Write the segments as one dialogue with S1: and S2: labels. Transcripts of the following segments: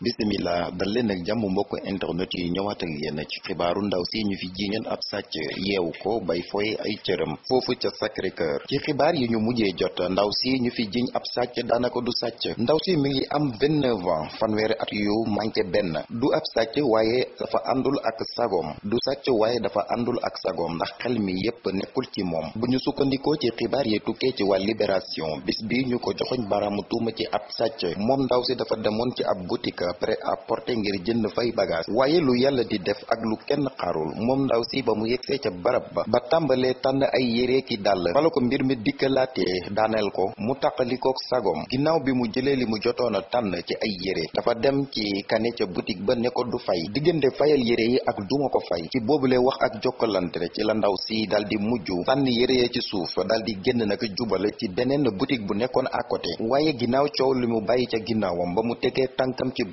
S1: bisimila dal leen ak jàmm mbokk internet yi ñëwaat ak yéen ci xibaaru ndaw si ñu fi jiiñoon ab sàcc yeewu ko bay fooy ay cëram foofu ca Sacré Cœur ci xibaar yi ñu mujjee jot ndaw si ñu fi jiiñ ab sàcc daanaka du sàcc ndaw si mi ngi am vingt-neuf ans at yu manqué benn du ab sàcc waaye dafa àndul ak sagoom du sàcc waaye dafa àndul ak sagoom ndax xel mi yépp nekkul ci moom bu ñu sukkandikoo ci xibaar yi tukkee ci waa Libération bis bi ñu ko joxoñ baraamu tuuma ci ab sàcc moom ndaw si dafa demoon ci ab boutique prêt à porter ngir jënd fay bagage waaye lu yàlla di def ak lu kenn xaarul moom ndaw si ba mu yegsee ca barab ba ba tàmbalee tànn ay yére ki dàll fala ko mbir mi dikkalaatee daaneel ko mu tàqalikook sagom ginnaaw bi mu jëlee li mu jotoon a tànn ci ay yére dafa dem ci kane ca boutique ba ne du fay diggante fayal yére yi ak duma ko fay ci boobule wax ak jokkalante ci la ndaw si dal di mujj sànni yére ya ci suuf dal di génn nag jubale ci beneen boutique bu nekkoon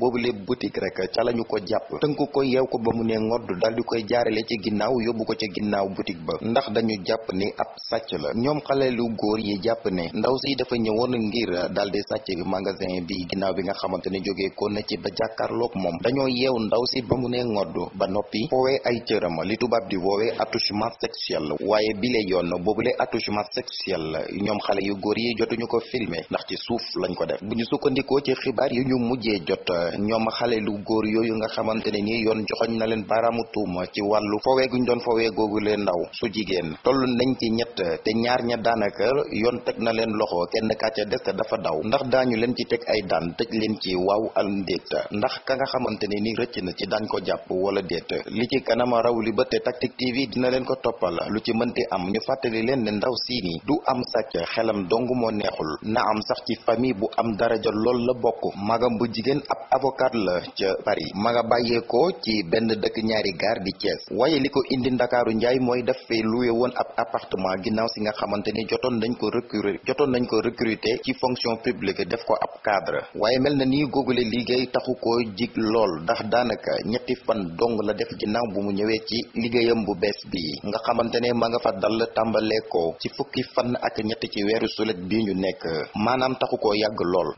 S1: boobu lépp boutique rek ko jàpp ko yeew ko ba mu ne ngodd dal di koy jaarale ci ginnaaw yóbbu ko ca ginnaaw boutique ba ndax dañu jàpp ni ab sàcc la ñoom xale lu góor yi jàpp ne ndaw si dafa ñëwoon ngir dal di sàcc magasin bi ginnaaw bi nga xamante ne jógee ko na ci ba jàkkaarloog moom dañoo yeew ndaw si ba mu ne ngodd ba noppi foowee ay cëram li tubaab di woowee attouchement sexuel waaye bile yoon boobule attouchement sexuel ñoom xale yu góor yi jotuñu ko filmer ci suuf lañ ko def bu ñu sukkandikoo ci xibaar yu ñu mujjee jot ñoom xale lu góor yooyu nga xamante ne nii yoon joxoñ na leen baaraamu tuuma ci wàllu fowee guñ doon fowee googu leen ndaw su jigéen toll nañ ci ñett te ñaar ña daanaka yoon teg na leen loxo kenn kaa ca des te dafa daw ndax daañu leen ci teg ay daan tëj leen ci waaw am ndéet ndax ka nga xamante ne ni rëcc na ci daañ ko jàpp wala déet li ci kanam raw li ba te Tactic TV dina leen ko toppal lu ci mënti am ñu fàttali leen ne ndaw sii nii du am sàcc xelam dong moo neexul na am sax ci famille bu am daraja lool la bokk magam bu jigéen avocat la ca Paris ma nga bàyyeekoo ci benn dëkk ñaari gaar di Thiès waaye li ko indi ndakaaru njaay mooy daf fee loué woon ab appartement ginnaaw si nga xamante ni jotoon nañ ko recruter jotoon nañ ko recruter ci fonction publique def ko ab cadre waaye mel na ni googule liggéey taxu ko jig lool ndax daanaka ñetti fan dong la def ginnaaw bu mu ñëwee ci liggéeyam bu bees bi nga xamante ne ma nga fa dal tàmbalee ko ci fukki fan ak ñetti ci weeru sulet bi ñu nekk maanaam taxu ko yàgg lool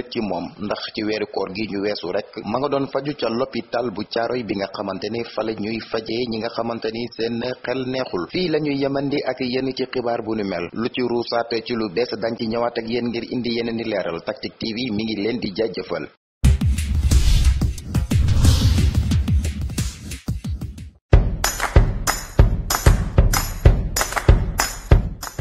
S1: lënt ci moom ndax ci weeru koor gi ñu weesu rek ma nga doon faju ca l'hôpital bu caaroy bi nga xamante ni fale ñuy fajee ñi nga xamante ni seen xel neexul fii la ñuy yemandi ak yenn ci xibaar bu nu mel lu ci ruusaate ci lu bees dañ ci ñëwaat ak yéen ngir indi yeneen leeral Tactic TV mi ngi leen di jaajëfal